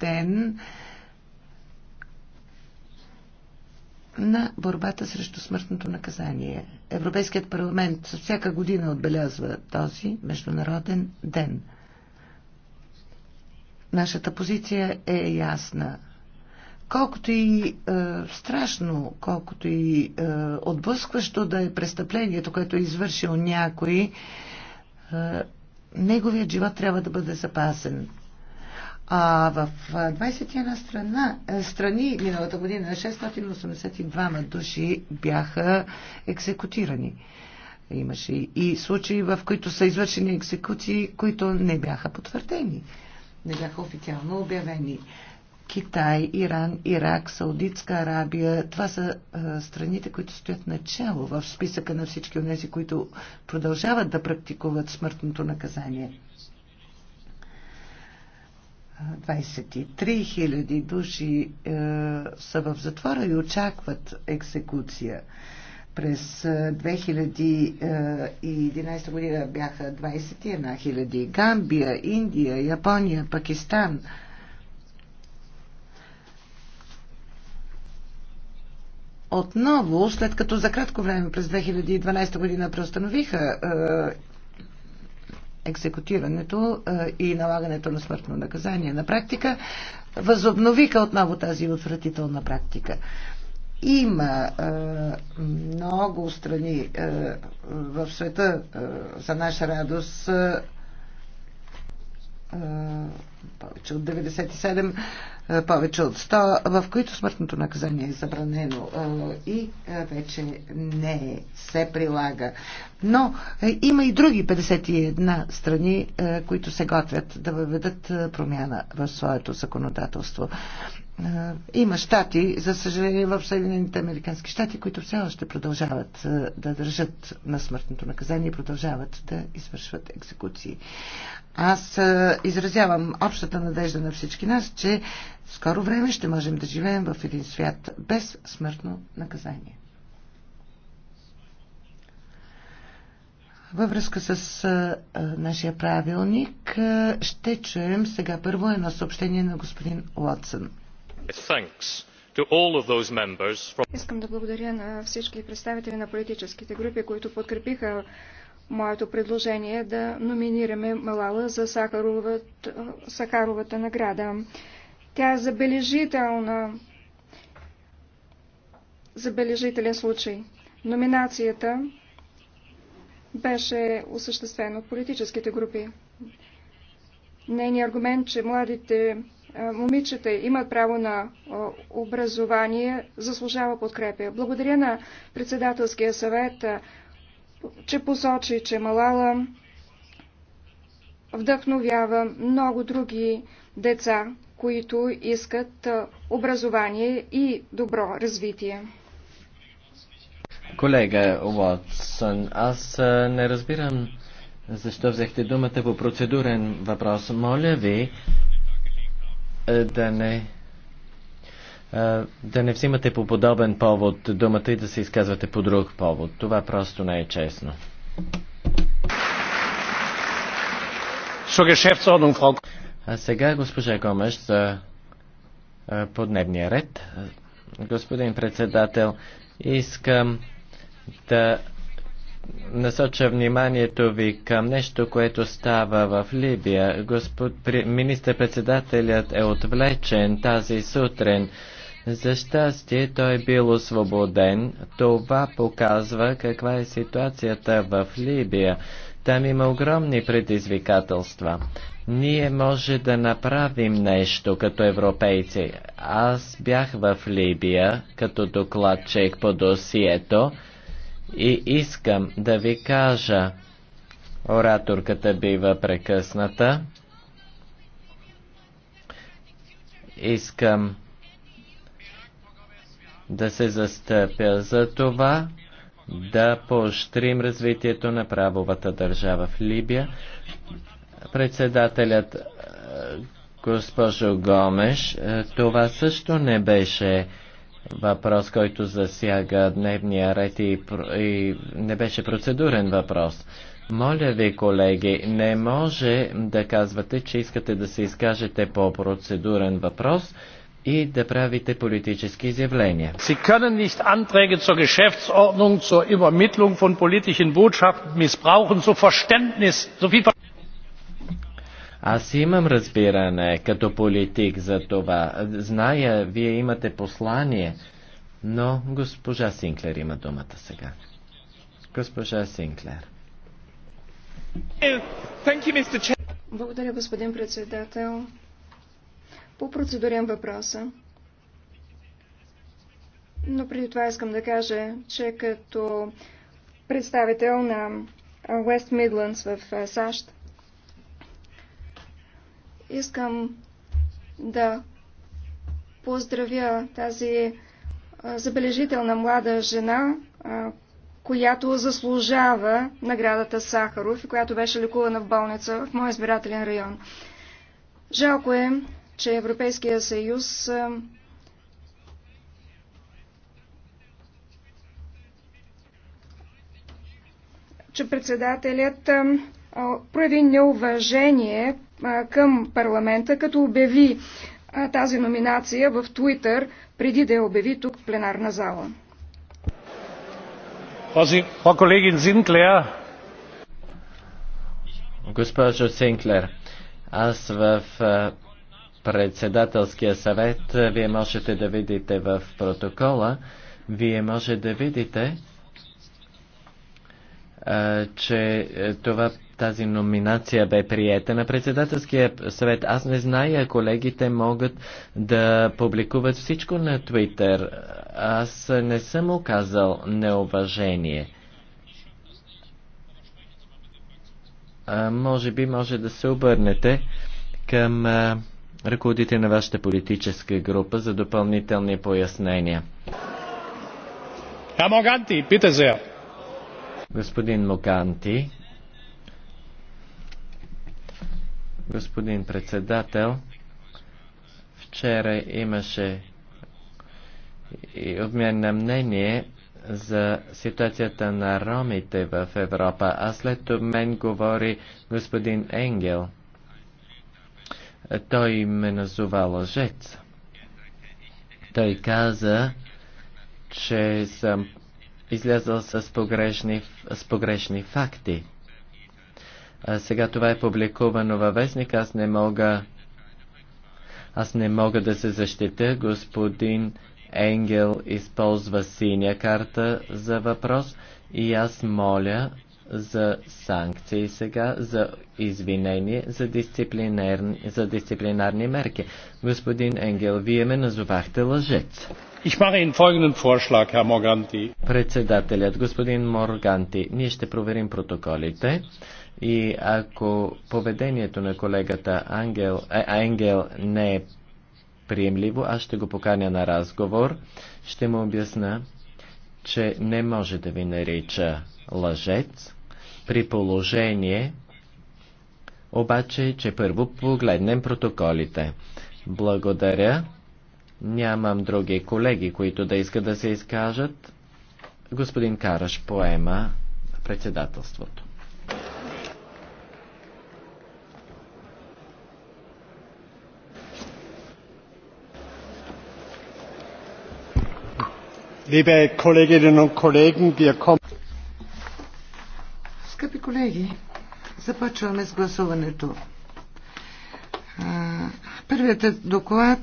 посветен на борбата срещу смъртното наказание. Европейският парламент всяка година отбелязва този международен ден. Нашата позиция е ясна. Колкото и е, страшно, колкото и е, отблъскващо да е престъплението, което е извършил някой, е, неговият живот трябва да бъде запасен. А в 21 страна, е, страни миналата година 682 души бяха екзекутирани. Имаше и случаи, в които са извършени екзекуции, които не бяха потвърдени, не бяха официално обявени. Китай, Иран, Ирак, Саудитска Арабия. Това са а, страните, които стоят начало в списъка на всички от тези, които продължават да практикуват смъртното наказание. 23 000 души е, са в затвора и очакват екзекуция. През 2011 е, е, година бяха 21 000. Гамбия, Индия, Япония, Пакистан. Отново, след като за кратко време през 2012 година преустановиха е, екзекутирането и налагането на смъртно наказание на практика, възобновиха отново тази отвратителна практика. Има е, много страни е, в света, е, за наша радост, е, е, повече от 97, е, повече от 100, в които смъртното наказание е забранено е, и вече не се прилага. Но има и други 51 страни, които се готвят да въведат промяна в своето законодателство. Е, има щати, за съжаление в Съединените Американски щати, които все още продължават е, да държат на смъртното наказание и продължават да извършват екзекуции. Аз е, изразявам общата надежда на всички нас, че в скоро време ще можем да живеем в един свят без смъртно наказание. Във връзка с а, нашия правилник а, ще чуем сега първо едно съобщение на господин Лотсън. Искам да благодаря на всички представители на политическите групи, които подкрепиха моето предложение да номинираме Малала за Сахаровата, Сахаровата награда. Тя е забележителна, забележителен случай. Номинацията беше осъществена от политическите групи. Нейният аргумент, че младите е, момичета имат право на е, образование, заслужава подкрепя. Благодаря на председателския съвет, е, че посочи, че Малала вдъхновява много други деца, които искат образование и добро развитие. Колега Уотсън, аз не разбирам защо взехте думата по процедурен въпрос. Моля ви, е, да не е, да не взимате по подобен повод думата и да се изказвате по друг повод. Това просто не е честно. А сега госпожа Гомеш за е, поднебния ред. Господин председател, искам да насоча вниманието ви към нещо, което става в Либия. Господ, министър-председателят е отвлечен тази сутрин. За щастие той е бил освободен. Това показва каква е ситуацията в Либия. Там има огромни предизвикателства. Ние може да направим нещо като европейци. Аз бях в Либия като докладчик по досието. И искам да ви кажа, ораторката бива прекъсната. Искам да се застъпя за това, да поощрим развитието на правовата държава в Либия. Председателят госпожо Гомеш, това също не беше въпрос, който засяга дневния ред и, и не беше процедурен въпрос. Моля ви, колеги, не може да казвате, че искате да се изкажете по процедурен въпрос и да правите политически изявления. Sie können nicht Anträge zur Geschäftsordnung zur Übermittlung von politischen Botschaften missbrauchen, zu Verständnis, so viel аз имам разбиране като политик за това. Зная, вие имате послание, но госпожа Синклер има думата сега. Госпожа Синклер. Благодаря, господин председател. По процедурен въпроса. Но преди това искам да кажа, че като представител на West Midlands в САЩ, Искам да поздравя тази забележителна млада жена, която заслужава наградата Сахаров и която беше лекувана в болница в моя избирателен район. Жалко е, че Европейския съюз че председателят прояви неуважение към парламента, като обяви тази номинация в Твитър, преди да я обяви тук в пленарна зала. Госпожо Синклер, аз в председателския съвет, вие можете да видите в протокола, вие може да видите, че това тази номинация бе приета на председателския съвет. Аз не зная, колегите могат да публикуват всичко на Твитър. Аз не съм оказал неуважение. А, може би може да се обърнете към ръководите на вашата политическа група за допълнителни пояснения. Господин Моганти, Господин председател, вчера имаше обмен на мнение за ситуацията на ромите в Европа, а след мен говори господин Енгел. Той ме назова лъжец. Той каза, че съм излязъл с погрешни, с погрешни факти. Сега това е публикувано във вестник. Аз не мога, аз не мога да се защитя. Господин Енгел използва синя карта за въпрос и аз моля за санкции сега, за извинение, за дисциплинарни, за дисциплинарни мерки. Господин Енгел, вие ме назовахте лъжец. Ich mache Ihnen folgenden Vorschlag, Herr Morganti. Председателят, господин Морганти, ние ще проверим протоколите. И ако поведението на колегата Ангел, а, е, Ангел не е приемливо, аз ще го поканя на разговор. Ще му обясна, че не може да ви нарича лъжец при положение, обаче, че първо погледнем протоколите. Благодаря. Нямам други колеги, които да искат да се изкажат. Господин Караш поема председателството. Liebe Kolleginnen und Kollegen, wir kommen. Скъпи колеги, започваме с гласуването. Първият е доклад